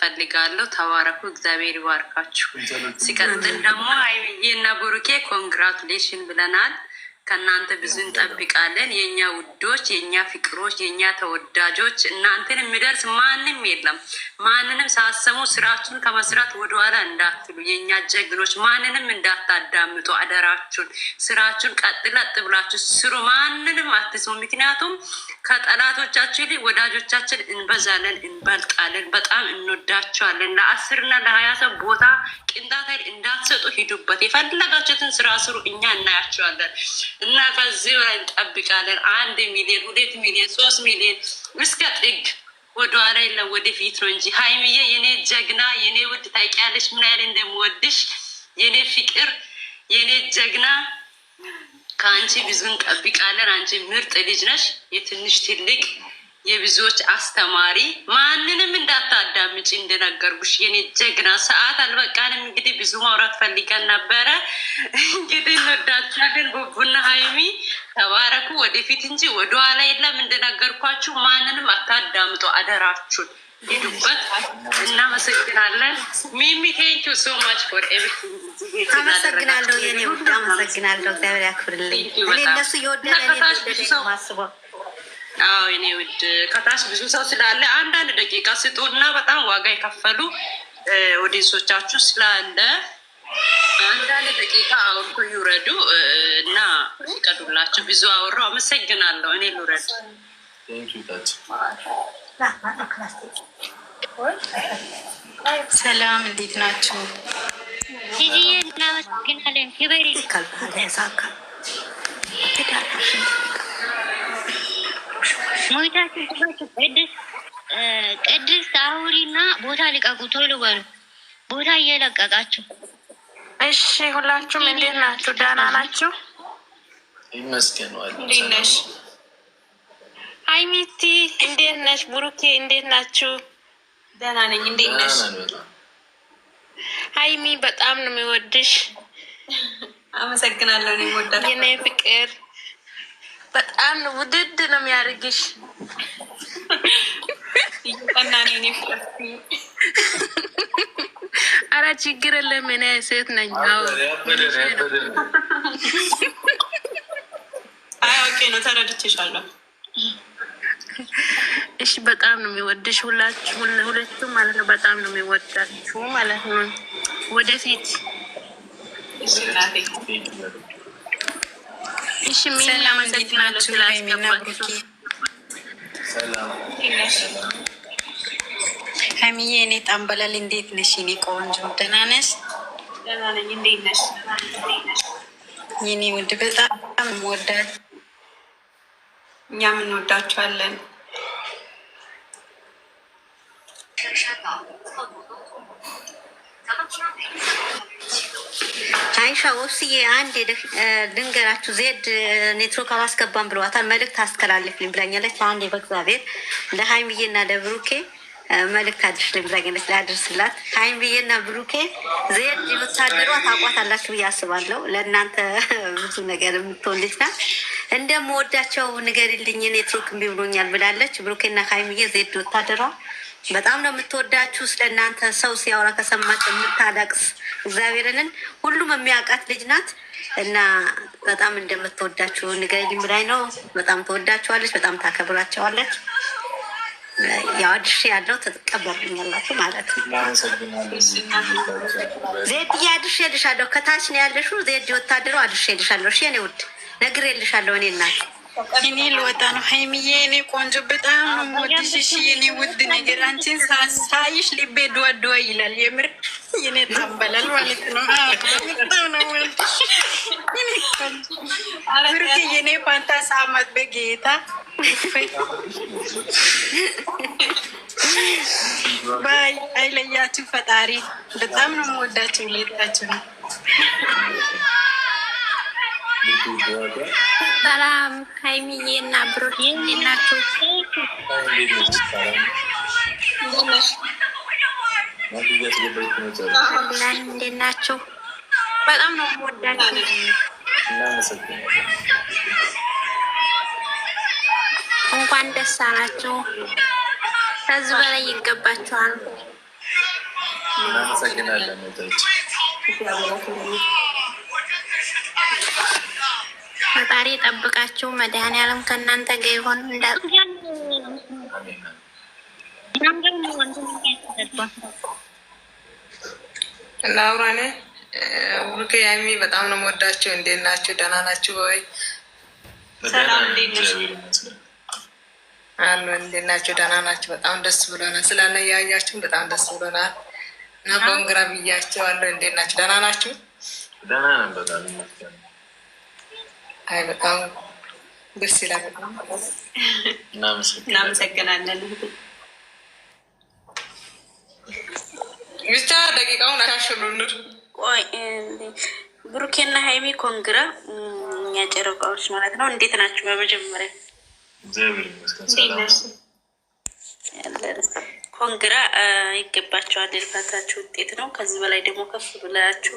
ፈልጋለሁ። ተባረኩ፣ እግዚአብሔር ይባርካችሁ። ሲቀጥል ደግሞ ሀይሚዬ እና ብሩኬ ኮንግራቱሌሽን ብለናል። ከእናንተ ብዙ እንጠብቃለን። የእኛ ውዶች፣ የእኛ ፍቅሮች፣ የእኛ ተወዳጆች እናንተን የሚደርስ ማንም የለም። ማንንም ሳሰሙ ስራችሁን ከመስራት ወደኋላ እንዳትሉ፣ የእኛ ጀግኖች፣ ማንንም እንዳታዳምጡ አደራችሁን። ስራችሁን ቀጥለጥ ብላችሁ ስሩ። ማንንም አትስሙ። ምክንያቱም ከጠላቶቻችሁ ይልቅ ወዳጆቻችን እንበዛለን፣ እንበልጣለን። በጣም እንወዳቸዋለን። ለአስርና ለሀያ ሰው ቦታ ቅንጣት እንዳትሰጡ፣ ሂዱበት። የፈለጋችሁትን ስራ ስሩ። እኛ እናያቸዋለን። እና ከዚህ እንጠብቃለን። አንድ ሚሊዮን ሁለት ሚሊዮን ሶስት ሚሊዮን እስከ ጥግ ወደኋላ የለም ወደፊት ነው እንጂ ሀይሚዬ፣ የኔ ጀግና፣ የኔ ውድ ታውቂያለሽ ምን ያህል እንደምወድሽ የኔ ፍቅር፣ የኔ ጀግና ከአንቺ ብዙ እንጠብቃለን። አንቺ ምርጥ ልጅ ነሽ፣ የትንሽ ትልቅ የብዙዎች አስተማሪ ማንንም እንዳታዳምጭ እንደነገርኩሽ የኔ ጀግና። ሰዓት አልበቃንም። እንግዲህ ብዙ ማውራት ፈልገን ነበረ። እንግዲህ እንወዳችኋለን ቡቡና ሀይሚ ተባረኩ። ወደፊት እንጂ ወደኋላ የለም። እንደነገርኳችሁ ማንንም አታዳምጡ አደራችሁን። ሄዱበት። እናመሰግናለን። ሚሚ ቴንኪው ሶ ማች ፎር ኤቭሪቲንግ። አመሰግናለሁ የኔ ውድ አመሰግናለሁ። እግዚአብሔር ያክብርልኝ። እኔ እነሱ የወደደ ማስበው አዎ እኔ ውድ ከታች ብዙ ሰው ስላለ አንዳንድ ደቂቃ ስጡ እና በጣም ዋጋ የከፈሉ ኦዲንሶቻችሁ ስላለ አንዳንድ ደቂቃ አውርቶ ይውረዱ እና ይቀዱላቸው። ብዙ አወራሁ። አመሰግናለሁ። እኔ ልውረድ። ሰላም፣ እንዴት ናችሁ? ሞታችሁ ቅድስት ቅድስት አውሪና ቦታ ልቀቁ፣ ቶሎ በሉ ቦታ እየለቀቃችሁ። እሺ ሁላችሁም እንዴት ናችሁ? ደህና ናችሁ? ይመስገነዋል። እንዴት ነሽ? ሀይሚቲ እንዴት ነሽ? እንዴት ናችሁ? ደህና ነኝ። እንዴት ነሽ? ሀይሚ በጣም ነው የሚወድሽ። አመሰግናለሁ። እኔም የኔ ፍቅር በጣም ውድድ ነው የሚያደርግሽ። አረ ችግር የለም እኔ ሴት ነኝ። አያውቄ ነው ተረድቼሻለሁ። እሺ በጣም ነው የሚወድሽ ሁላችሁ ማለት ነው። በጣም ነው የሚወዳችሁ ማለት ነው። ወደፊት ሰላም እንዴት ናችሁ? ሀይሚና ብሩኬ ሀይሚዬ፣ እኔ ጣምበላል እንዴት ነሽ? እኔ ቆንጆ ደህና ነሽ? የኔ ውድ በጣም ወዳጅ፣ እኛም እንወዳችኋለን። አይሻ ወብስዬ አንድ ድንገራችሁ ዜድ ኔትወርክ አላስገባም ብለዋታል። መልእክት አስተላልፍልኝ ብላኛለች። ለአንድ በእግዚአብሔር ለሀይምዬና ለብሩኬ መልእክት አድርስልኝ ብላኛለች። ላድርስላት ሀይምዬና ብሩኬ ዜድ የምታደሯ ታቋታላችሁ ብዬ አስባለሁ። ለእናንተ ብዙ ነገር የምትወልጅ ናት። እንደምወዳቸው ንገሪልኝ እኔ ትሩክ እምቢ ብሎኛል ብላለች። ብሩኬና ሀይሚዬ ዜድ ወታደሯ በጣም ነው የምትወዳችሁ። ስለ እናንተ ሰው ሲያወራ ከሰማች የምታለቅስ እግዚአብሔርንን ሁሉም የሚያውቃት ልጅ ናት እና በጣም እንደምትወዳችሁ ንገሪልኝ ብላኝ ነው። በጣም ትወዳችኋለች፣ በጣም ታከብራቸዋለች። ያው አድርሼ ያለው ተቀበሉኛላችሁ ማለት ነው። ዜድዬ አድርሼ ልሻለሁ። ከታች ነው ያለሽው ዜድ ወታደሩ አድርሼ ልሻለሁ። እሺ የኔ ውድ ነግሬልሻለሁ። እኔ እናት እኔ ልወጣ ነው። ሀይሚዬ እኔ ቆንጆ በጣም ነው የምወድሽ። እሺ የኔ ውድ ነገር አንቺን ሳይሽ ልቤ ድዋ ድዋ ይላል። የምር የኔ ታበላል ማለት ነው። በጣም ነው የምወድሽ የኔ ፋንታ ሳማት በጌታ ባይ አይለያችሁ ፈጣሪ። በጣም ነው የምወዳችሁ። ሌላችሁ ነው ሰላም ሀይሚዬ እና ብሩኬ እንዴት ናችሁ? እንዴት ናችሁ? በጣም ነው የምወዳችሁ። እንኳን ደስ አላችሁ። ከዚህ በላይ ይገባችኋል። እናመሰግናለን። ፈጣሪ ጠብቃችሁ መድኃኒዓለም ከእናንተ ጋ ይሆን እንዳ ላውራነ ውክ ያሚ በጣም ነው የምወዳችሁ። እንዴት ናችሁ? ደህና ናችሁ ወይ? አሉ። እንዴት ናችሁ? ደህና ናችሁ? በጣም ደስ ብሎናል። ስላላያያችሁን በጣም ደስ ብሎናል እና ኮንግራ ብያቸው አለ። እንዴት ናችሁ? ደህና ናችሁ? ደህና ነን በጣም አይ በጣም ደስ ይላል። እናመሰግናለን። ብቻ ደቂቃውን ብሩኬና ሀይሚ ኮንግራ እኛ ማለት ነው። እንዴት ናችሁ? በመጀመሪያ ኮንግራ ይገባቸዋል። የልፋታችሁ ውጤት ነው። ከዚህ በላይ ደግሞ ከፍ ብላችሁ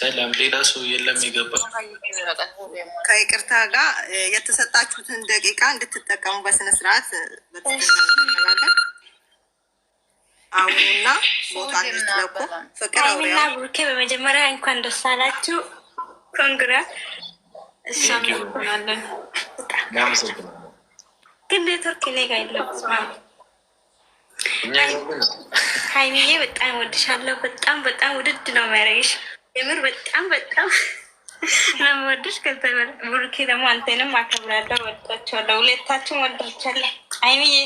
ሰላም። ሌላ ሰው የለም የገባ። ከይቅርታ ጋር የተሰጣችሁትን ደቂቃ እንድትጠቀሙ በስነስርዓት በተስተናጋለን። አሁኑና ቦታ እንድትለቁ ፍቅር አውሪያ በመጀመሪያ እንኳን ደስ አላችሁ። ኮንግራ እሳምናለን። ግን ኔትወርክ እኔ ጋ የለም። ሀይሚዬ በጣም ወድሻለሁ። በጣም በጣም ውድድ ነው የሚያደርግሽ የምር በጣም በጣም ለመወደሽ ከተበር ቡርኪ ደግሞ አንተንም አከብራለሁ፣ ወዳቸዋለሁ። ሁለታችሁም ወዳቸዋለሁ። አይምዬ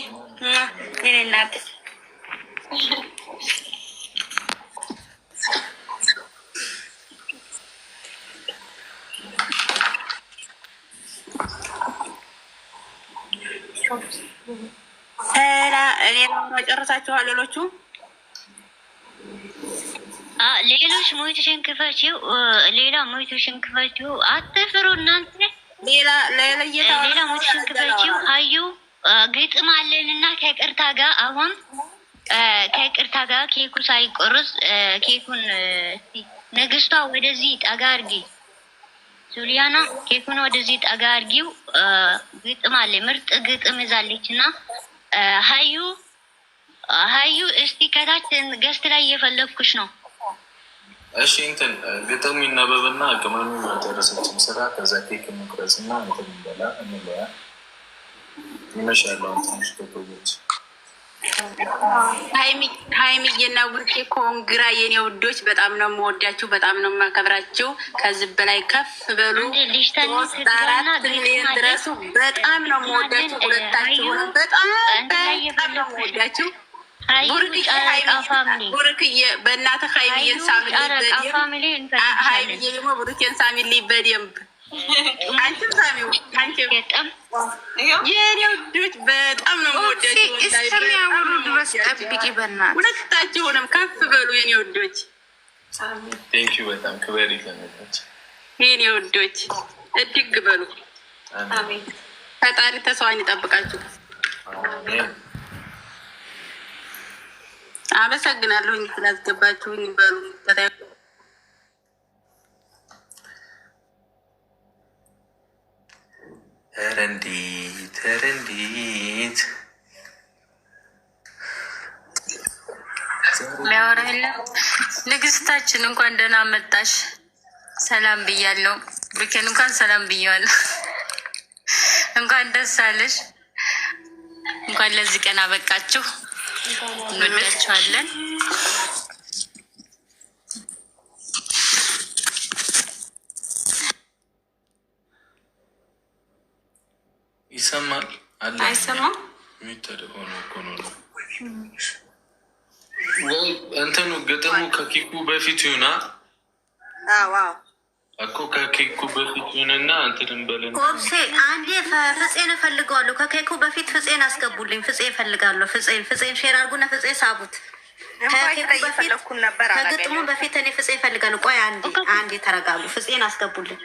የኔ እናት ጨረሳችኋል ሌሎቹ ሌሎች ሞቱሽን ክፈቺው፣ ሌላ ሞቱሽን ክፈቺው። አትፍሩ እናንተ ሌላ ሌላ ሞቱሽን ክፈቺው። አዩ ግጥም አለንና ከቅርታ ጋር አሁን ከቅርታ ጋር ኬኩ ሳይቆርስ ኬኩን ንግስቷ ወደዚህ ጠጋ አርጊ። ሱሊያና ኬኩን ወደዚህ ጠጋ አርጊው። ግጥም አለ ምርጥ ግጥም ይዛለች እና ሀዩ ሀዩ እስቲ ከታች ገስት ላይ እየፈለግኩሽ ነው። እሺ እንትን ግጥም ይነበብና ቅመሙ የደረሰችን ስራ ከዛ ኬክ መቅረጽ እና እንትን ይበላ እንለያ ይመሻለው ትንሽ ከቶች ሀይሚዬና ብሩኬ ኮንግራ የኔ ውዶች፣ በጣም ነው የምወዳችሁ፣ በጣም ነው የማከብራችሁ። ከዚህ በላይ ከፍ በሉ፣ ሶስት አራት ሚሊዮን ድረሱ። በጣም ነው የምወዳችሁ ሁለታችሁ፣ በጣም በጣም ነው የምወዳችሁ። ቡሩክዬ በእናትህ ሀይሚዬን ደግሞ አንቺም ሳሚው የኔ ውዶች በጣም ነው እስከሚያወሩ ድረስ ጠብቂ ሁለታችሁንም ከፍ በሉ የኔ ውዶች የኔ ውዶች እድግ በሉ ፈጣሪ ይጠብቃችሁ አመሰግናለሁኝ ስላስገባችሁኝ። በሉ ኧረ ረንዲት ኧረ እንዴት ንግስታችን እንኳን ደህና መጣሽ። ሰላም ብያለሁ። ብሩኬን እንኳን ሰላም ብያለሁ። እንኳን ደስ አለሽ። እንኳን ለዚህ ቀን አበቃችሁ። እንወዳቸዋለን። ይሰማል አይሰማም? እንትኑ ግጥሙ ከኪኩ በፊት ይሁና። እኮ ከኬኩ በፊት ሆነና አንተን በለን። ኦብሴ አንዴ ፍፄን እፈልገዋለሁ። ከኬኩ በፊት ፍፄን አስገቡልኝ። ፍፄ እፈልጋለሁ። ፍፄ ፍፄን ሼር አድርጉና ፍፄ ሳቡት። ከግጥሙ በፊት እኔ ፍፄ እፈልጋለሁ። ቆይ አንዴ አንዴ ተረጋጉ። ፍፄን አስገቡልኝ።